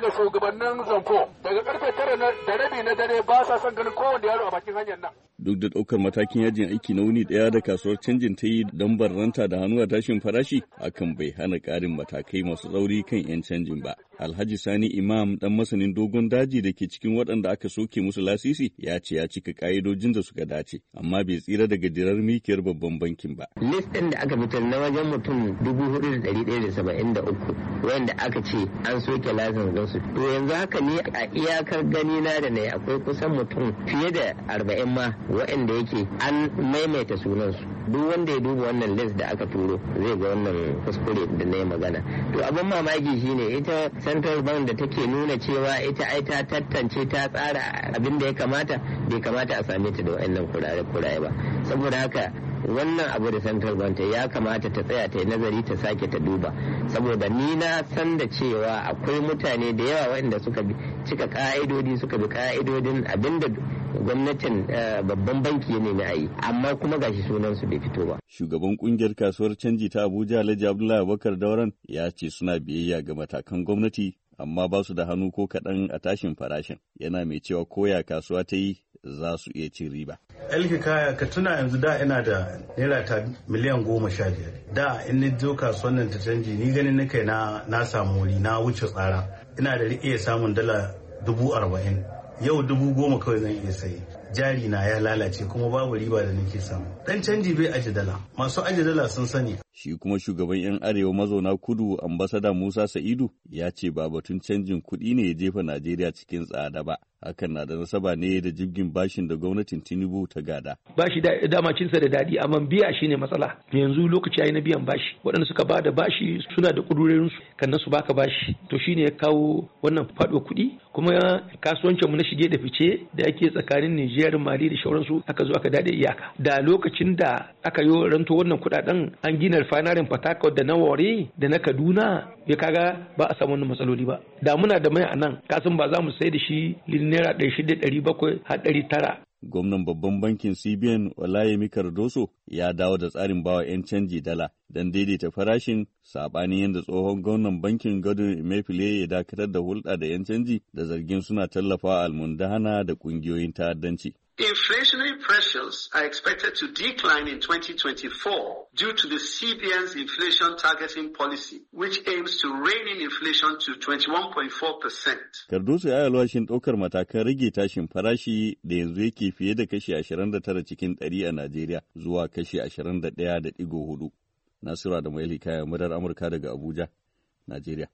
daga shugabannin zanfo daga karfe tara da rabi na dare ba sa son ganin kowanne yaro a bakin hanyar nan. Duk da ɗaukar matakin yajin aiki na wuni ɗaya da kasuwar canjin ta yi don barranta da hannu a tashin farashi, akan bai hana ƙarin matakai masu tsauri kan 'yan canjin ba. Alhaji Sani Imam dan masanin dogon daji da ke cikin waɗanda aka soke musu lasisi ya ce ya cika ka'idojin da suka dace amma bai tsira daga jirar mikiyar babban bankin ba. List ɗin da aka fitar na wajen mutum dubu hudu da ɗari ɗaya da saba'in da uku wanda aka ce an soke lasin su. To yanzu haka ne a iyakar gani na da na akwai kusan mutum fiye da arba'in ma waɗanda yake an maimaita sunansu. Duk wanda ya duba wannan list da aka turo zai ga wannan kuskure da na yi magana. To abin mamaki shine ita central bank da take nuna cewa ita ai ta tantance ta tsara abin da ya kamata bai kamata a same ta da wa'annan kurare ba saboda haka wannan abu da central bank ta ya kamata ta tsaya ta yi nazari ta sake ta duba saboda ni na san da cewa akwai mutane da yawa waɗanda suka cika ka'idodi suka bi ka'idodin da. gwamnatin eh, babban banki ne na yi amma kuma gashi sunan su bai fito ba shugaban kungiyar kasuwar canji ta Abuja Alhaji Abdullahi Abubakar Dauran ya ce suna biyayya ga matakan gwamnati amma ba su da hannu ko kaɗan a tashin farashin yana mai cewa koya kasuwa ta yi za su iya cin riba. Elki kaya ka tuna yanzu da ina da naira ta miliyan goma sha biyar. Da in ni zo kasuwan nan ta canji ni ganin na kai na samu wuri na wuce tsara. Ina da riƙe samun dala dubu arba'in. yau dubu goma kawai zan iya sayi jari na ya lalace kuma babu riba da nake samu dan canji bai aji dala masu aji dala sun sani shi kuma shugaban yan arewa mazauna kudu ambasada musa sa'idu ya ce ba batun canjin kuɗi ne ya jefa najeriya cikin tsada ba hakan na da nasaba ne da jirgin bashin da gwamnatin tinubu ta gada bashi da dama cinsa da dadi amma biya shine matsala yanzu lokaci yi na biyan bashi waɗanda suka ba da bashi suna da kudurorin su kan su baka bashi to shi ne ya kawo wannan faɗo kuɗi kuma kasuwancin mu na shige da fice da ake tsakanin Nijar Mali da sauransu aka zo aka dade iyaka da lokacin da aka yi ranto wannan kuɗaɗen an gina refinery Port da na Ware da na Kaduna ya kaga ba a samu wannan matsaloli ba da muna da mai a nan kasan ba za mu sai da shi naira ɗari shida ɗari bakwai har ɗari tara. Gwamnan babban bankin CBN Olayemi Cardoso ya dawo da tsarin bawa 'yan canji dala don daidaita farashin saɓanin yadda tsohon gwamnan bankin Godwin Emefiele ya dakatar da hulɗa da 'yan canji da zargin suna tallafawa almundahana da ƙungiyoyin ta'addanci. Inflationary pressures are expected to decline in 2024 due to the CBN's inflation targeting policy, which aims to rein in inflation to 21.4%. Cardoso ya alwashin ɗaukar matakan rage tashin farashi da yanzu yake fiye da kashi 29 cikin 100 a Najeriya zuwa kashi 21.4. Nasura da Maili Kaya, Murar Amurka daga Abuja, Najeriya.